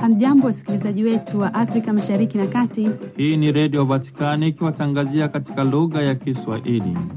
Hamjambo, wasikilizaji wetu wa Afrika mashariki na kati. Hii ni Redio Vatikani ikiwatangazia katika lugha ya Kiswahili. Mm.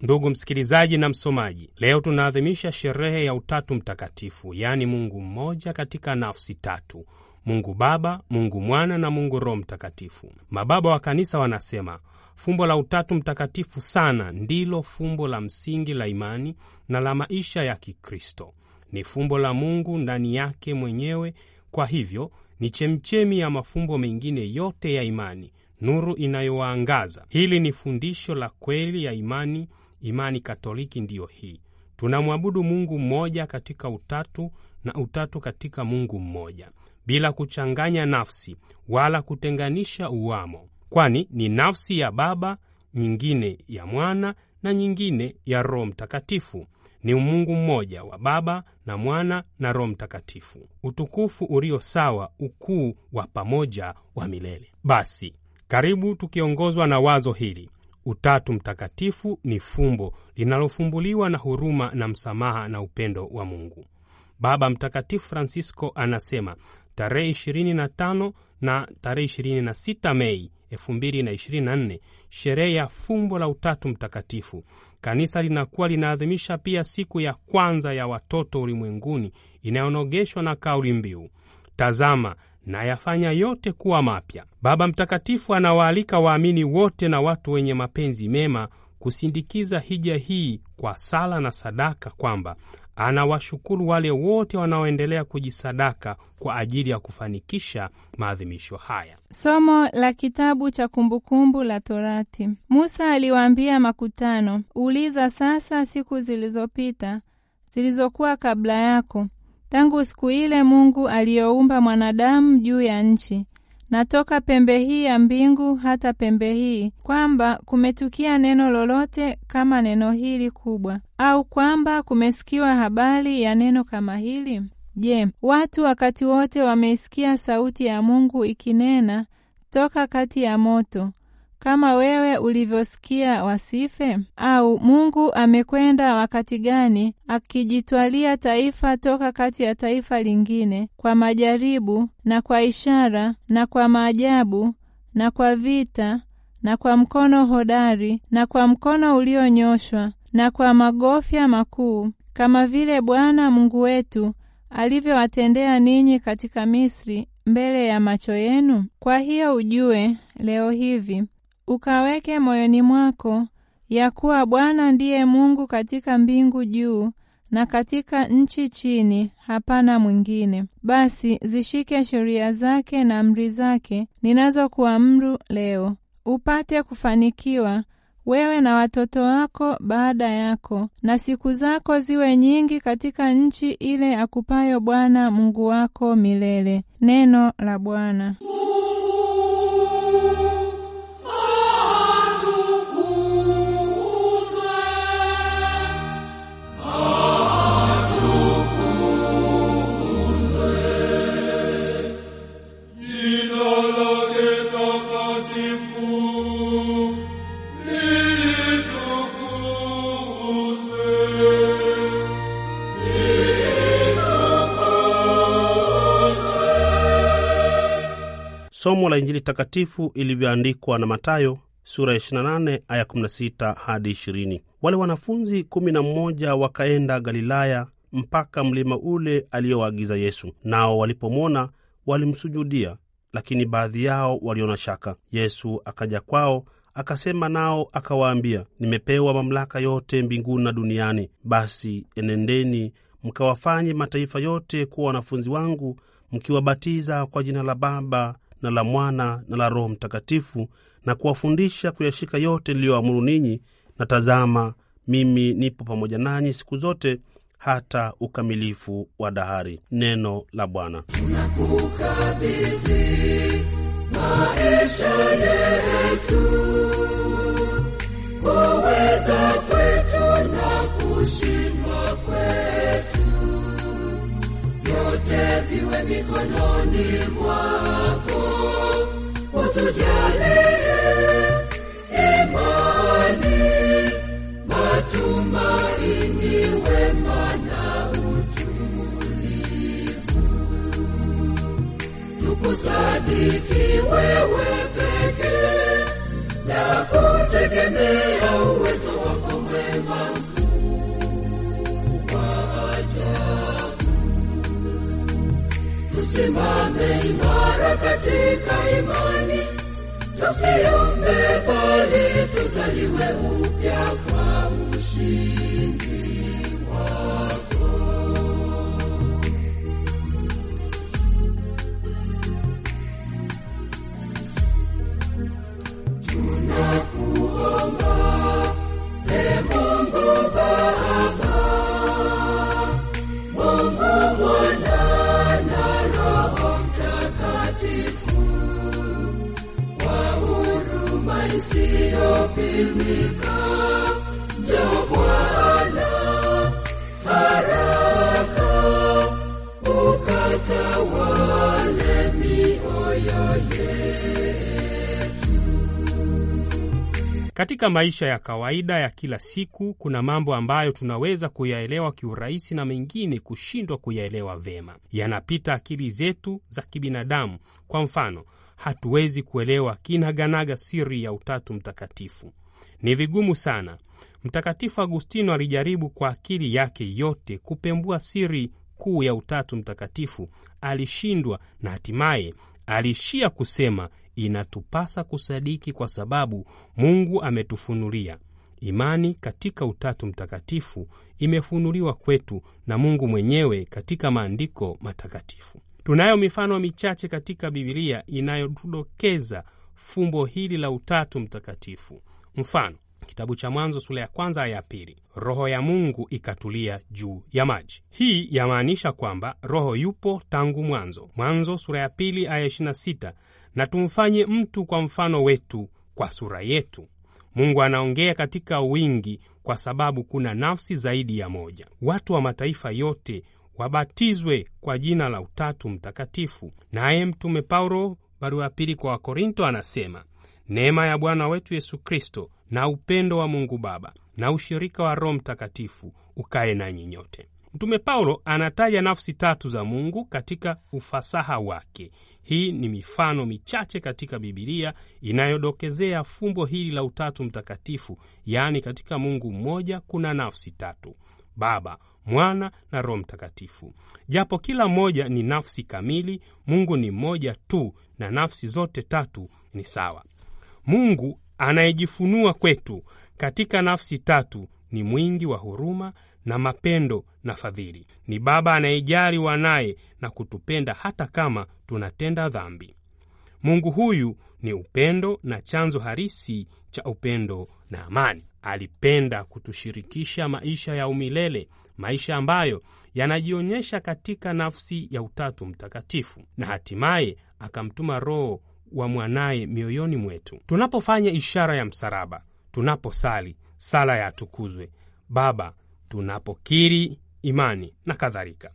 Ndugu msikilizaji na msomaji, leo tunaadhimisha sherehe ya Utatu Mtakatifu, yaani Mungu mmoja katika nafsi tatu: Mungu Baba, Mungu Mwana na Mungu Roho Mtakatifu. Mababa wa Kanisa wanasema Fumbo la Utatu Mtakatifu sana ndilo fumbo la msingi la imani na la maisha ya Kikristo. Ni fumbo la Mungu ndani yake mwenyewe, kwa hivyo ni chemchemi ya mafumbo mengine yote ya imani, nuru inayowaangaza. Hili ni fundisho la kweli ya imani. Imani Katoliki ndiyo hii: tunamwabudu Mungu mmoja katika utatu na utatu katika Mungu mmoja, bila kuchanganya nafsi wala kutenganisha uwamo kwani ni nafsi ya Baba, nyingine ya Mwana na nyingine ya Roho Mtakatifu. Ni Mungu mmoja wa Baba na Mwana na Roho Mtakatifu, utukufu ulio sawa, ukuu wa pamoja wa milele. Basi karibu tukiongozwa na wazo hili, Utatu Mtakatifu ni fumbo linalofumbuliwa na huruma na msamaha na upendo wa Mungu. Baba Mtakatifu Francisco anasema tarehe 25 na tarehe 26 Mei 2024 sherehe ya fumbo la Utatu Mtakatifu. Kanisa linakuwa linaadhimisha pia siku ya kwanza ya watoto ulimwenguni inayonogeshwa na kauli mbiu tazama na yafanya yote kuwa mapya. Baba Mtakatifu anawaalika waamini wote na watu wenye mapenzi mema kusindikiza hija hii kwa sala na sadaka, kwamba anawashukuru wale wote wanaoendelea kujisadaka kwa ajili ya kufanikisha maadhimisho haya. Somo la kitabu cha Kumbukumbu la Torati. Musa aliwaambia makutano, uliza sasa siku zilizopita zilizokuwa kabla yako, tangu siku ile Mungu aliyoumba mwanadamu juu ya nchi na toka pembe hii ya mbingu hata pembe hii, kwamba kumetukia neno lolote kama neno hili kubwa, au kwamba kumesikiwa habari ya neno kama hili? Je, watu wakati wote wameisikia sauti ya Mungu ikinena toka kati ya moto kama wewe ulivyosikia wasife? Au Mungu amekwenda wakati gani akijitwalia taifa toka kati ya taifa lingine kwa majaribu na kwa ishara na kwa maajabu na kwa vita na kwa mkono hodari na kwa mkono ulionyoshwa na kwa magofya makuu, kama vile Bwana Mungu wetu alivyowatendea ninyi katika Misri mbele ya macho yenu. Kwa hiyo ujue leo hivi ukaweke moyoni mwako ya kuwa Bwana ndiye Mungu katika mbingu juu na katika nchi chini, hapana mwingine. Basi zishike sheria zake na amri zake ninazokuamuru leo, upate kufanikiwa wewe na watoto wako baada yako, na siku zako ziwe nyingi katika nchi ile akupayo Bwana Mungu wako milele. Neno la Bwana. Somo la Injili takatifu ilivyoandikwa na Matayo sura ya 28 aya 16 hadi 20. Wale wanafunzi 11 wakaenda Galilaya mpaka mlima ule aliyowaagiza Yesu, nao walipomwona walimsujudia, lakini baadhi yao waliona shaka. Yesu akaja kwao akasema nao akawaambia, nimepewa mamlaka yote mbinguni na duniani. Basi enendeni mkawafanye mataifa yote kuwa wanafunzi wangu, mkiwabatiza kwa jina la Baba na la Mwana na la Roho Mtakatifu, na kuwafundisha kuyashika yote niliyoamuru ninyi, na tazama, mimi nipo pamoja nanyi siku zote hata ukamilifu wa dahari. Neno la Bwana. Tunakukabidhi maisha yetu na kushindwa kwetu, yote viwe mikononi Kusadiki wewe pekee na kutegemea uwezo wako mwema mkubwa ajabu. Tusimame imara katika imani tusiombe bali tuzaliwe upya kwa ushindi. Katika maisha ya kawaida ya kila siku kuna mambo ambayo tunaweza kuyaelewa kiurahisi na mengine kushindwa kuyaelewa vema, yanapita akili zetu za kibinadamu. Kwa mfano, hatuwezi kuelewa kinaganaga siri ya Utatu Mtakatifu. Ni vigumu sana. Mtakatifu Agustino alijaribu kwa akili yake yote kupembua siri kuu ya Utatu Mtakatifu alishindwa na hatimaye aliishia kusema inatupasa kusadiki kwa sababu Mungu ametufunulia. Imani katika Utatu Mtakatifu imefunuliwa kwetu na Mungu mwenyewe katika maandiko matakatifu. Tunayo mifano michache katika bibilia inayotudokeza fumbo hili la Utatu Mtakatifu. Mfano, Kitabu cha Mwanzo sura ya kwanza ya pili. Roho ya Mungu ikatulia juu ya maji. Hii yamaanisha kwamba Roho yupo tangu mwanzo. Mwanzo sura ya pili aya 26, na tumfanye mtu kwa mfano wetu, kwa sura yetu. Mungu anaongea katika wingi, kwa sababu kuna nafsi zaidi ya moja. Watu wa mataifa yote wabatizwe kwa jina la Utatu Mtakatifu. Naye Mtume Paulo, barua ya pili kwa Wakorinto, anasema Neema ya Bwana wetu Yesu Kristo na upendo wa Mungu Baba na ushirika wa Roho Mtakatifu ukae nanyi nyote. Mtume Paulo anataja nafsi tatu za Mungu katika ufasaha wake. Hii ni mifano michache katika Bibilia inayodokezea fumbo hili la Utatu Mtakatifu, yaani katika Mungu mmoja kuna nafsi tatu: Baba, Mwana na Roho Mtakatifu. Japo kila mmoja ni nafsi kamili, Mungu ni mmoja tu na nafsi zote tatu ni sawa. Mungu anayejifunua kwetu katika nafsi tatu ni mwingi wa huruma na mapendo na fadhili. Ni Baba anayejali wanaye na kutupenda hata kama tunatenda dhambi. Mungu huyu ni upendo na chanzo halisi cha upendo na amani. Alipenda kutushirikisha maisha ya umilele, maisha ambayo yanajionyesha katika nafsi ya Utatu Mtakatifu, na hatimaye akamtuma Roho wa mwanaye mioyoni mwetu. Tunapofanya ishara ya msalaba, tunaposali sala ya atukuzwe Baba, tunapokiri imani na kadhalika,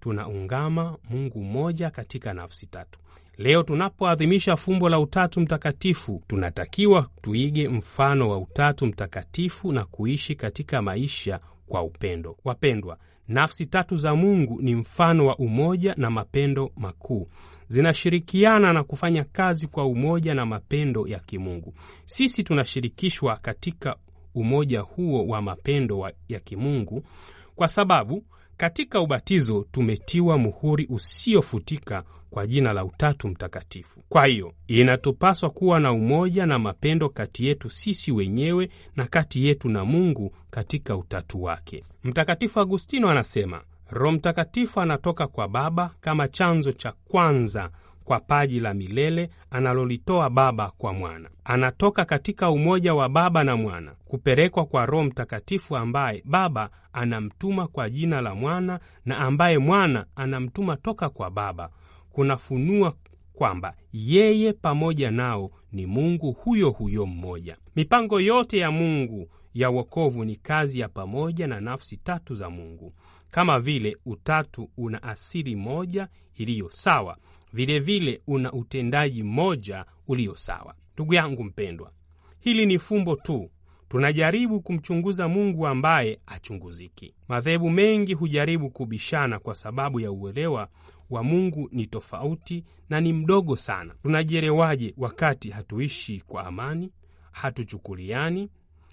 tunaungama Mungu mmoja katika nafsi tatu. Leo tunapoadhimisha fumbo la Utatu Mtakatifu, tunatakiwa tuige mfano wa Utatu Mtakatifu na kuishi katika maisha kwa upendo. Wapendwa, Nafsi tatu za Mungu ni mfano wa umoja na mapendo makuu. Zinashirikiana na kufanya kazi kwa umoja na mapendo ya kimungu. Sisi tunashirikishwa katika umoja huo wa mapendo wa ya kimungu kwa sababu katika ubatizo tumetiwa muhuri usiofutika kwa jina la Utatu Mtakatifu. Kwa hiyo inatupaswa kuwa na umoja na mapendo kati yetu sisi wenyewe na kati yetu na Mungu katika utatu wake. Mtakatifu Agustino anasema Roho Mtakatifu anatoka kwa Baba kama chanzo cha kwanza kwa paji la milele analolitoa Baba kwa Mwana. Anatoka katika umoja wa Baba na Mwana kupelekwa kwa Roho Mtakatifu ambaye Baba anamtuma kwa jina la Mwana na ambaye Mwana anamtuma toka kwa Baba. Kunafunua kwamba yeye pamoja nao ni Mungu huyo huyo mmoja. Mipango yote ya Mungu ya wokovu ni kazi ya pamoja na nafsi tatu za Mungu. Kama vile utatu una asili moja iliyo sawa, vilevile una utendaji mmoja ulio sawa. Ndugu yangu mpendwa, hili ni fumbo tu. Tunajaribu kumchunguza Mungu ambaye achunguziki. Madhehebu mengi hujaribu kubishana kwa sababu ya uelewa wa Mungu ni tofauti na ni mdogo sana. Tunajielewaje wakati hatuishi kwa amani, hatuchukuliani,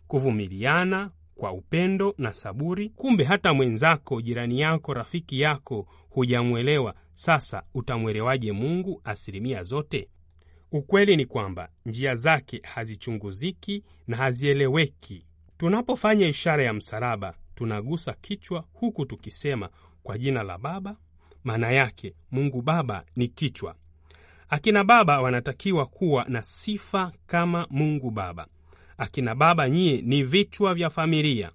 kuvumiliana kwa upendo na saburi? Kumbe hata mwenzako, jirani yako, rafiki yako hujamwelewa sasa utamwelewaje Mungu asilimia zote? Ukweli ni kwamba njia zake hazichunguziki na hazieleweki. Tunapofanya ishara ya msalaba, tunagusa kichwa huku tukisema kwa jina la Baba. Maana yake Mungu Baba ni kichwa. Akina baba wanatakiwa kuwa na sifa kama Mungu Baba. Akina baba, nyie ni vichwa vya familia.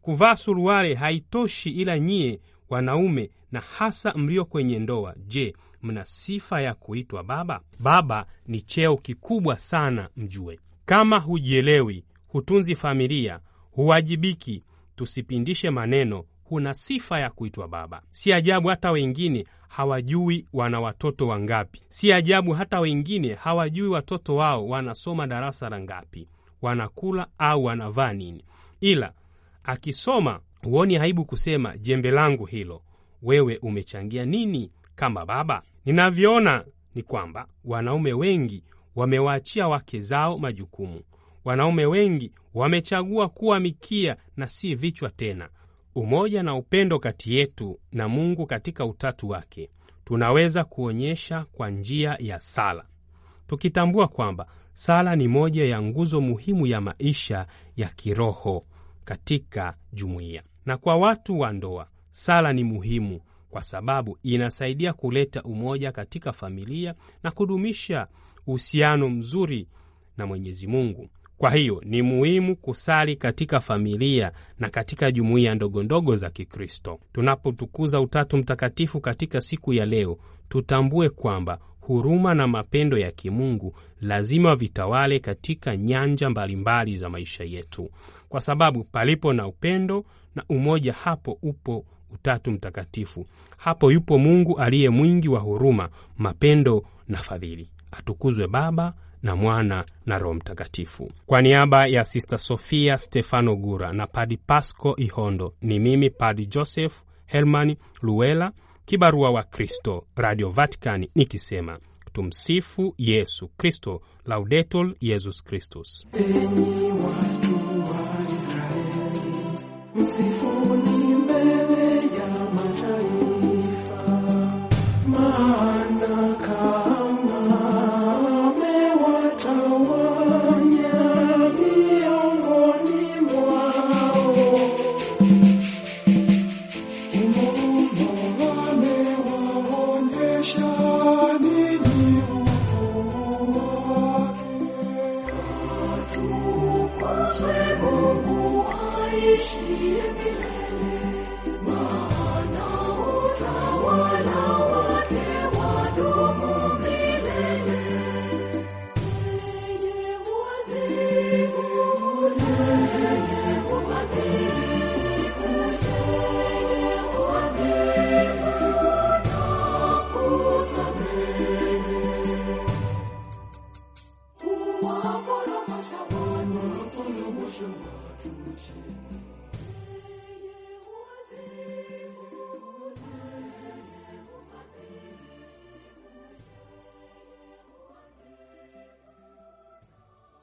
Kuvaa suruali haitoshi, ila nyie wanaume na hasa mlio kwenye ndoa, je, mna sifa ya kuitwa baba? Baba ni cheo kikubwa sana, mjue. Kama hujielewi, hutunzi familia, huwajibiki, tusipindishe maneno, huna sifa ya kuitwa baba. Si ajabu hata wengine hawajui wana watoto wangapi. Si ajabu hata wengine hawajui watoto wao wanasoma darasa la ngapi, wanakula au wanavaa nini. Ila akisoma Huoni aibu kusema jembe langu hilo, wewe umechangia nini kama baba? Ninavyoona ni kwamba wanaume wengi wamewaachia wake zao majukumu. Wanaume wengi wamechagua kuwa mikia na si vichwa tena. Umoja na upendo kati yetu na Mungu katika utatu wake tunaweza kuonyesha kwa njia ya sala, tukitambua kwamba sala ni moja ya nguzo muhimu ya maisha ya kiroho katika jumuiya. Na kwa watu wa ndoa, sala ni muhimu kwa sababu inasaidia kuleta umoja katika familia na kudumisha uhusiano mzuri na Mwenyezi Mungu. Kwa hiyo ni muhimu kusali katika familia na katika jumuiya ndogondogo za Kikristo. Tunapotukuza Utatu Mtakatifu katika siku ya leo, tutambue kwamba huruma na mapendo ya kimungu lazima vitawale katika nyanja mbalimbali za maisha yetu, kwa sababu palipo na upendo na umoja, hapo upo Utatu Mtakatifu, hapo yupo Mungu aliye mwingi wa huruma, mapendo na fadhili. Atukuzwe Baba na Mwana na Roho Mtakatifu. Kwa niaba ya Sista Sofia Stefano Gura na Padi Pasco Ihondo, ni mimi Padi Joseph Herman Luela Kibarua wa Kristo, Radio ni nikisema tumsifu Yesu Kristo, Laudetul Yesus Kristus. msifuni mbele ya mataifa, maana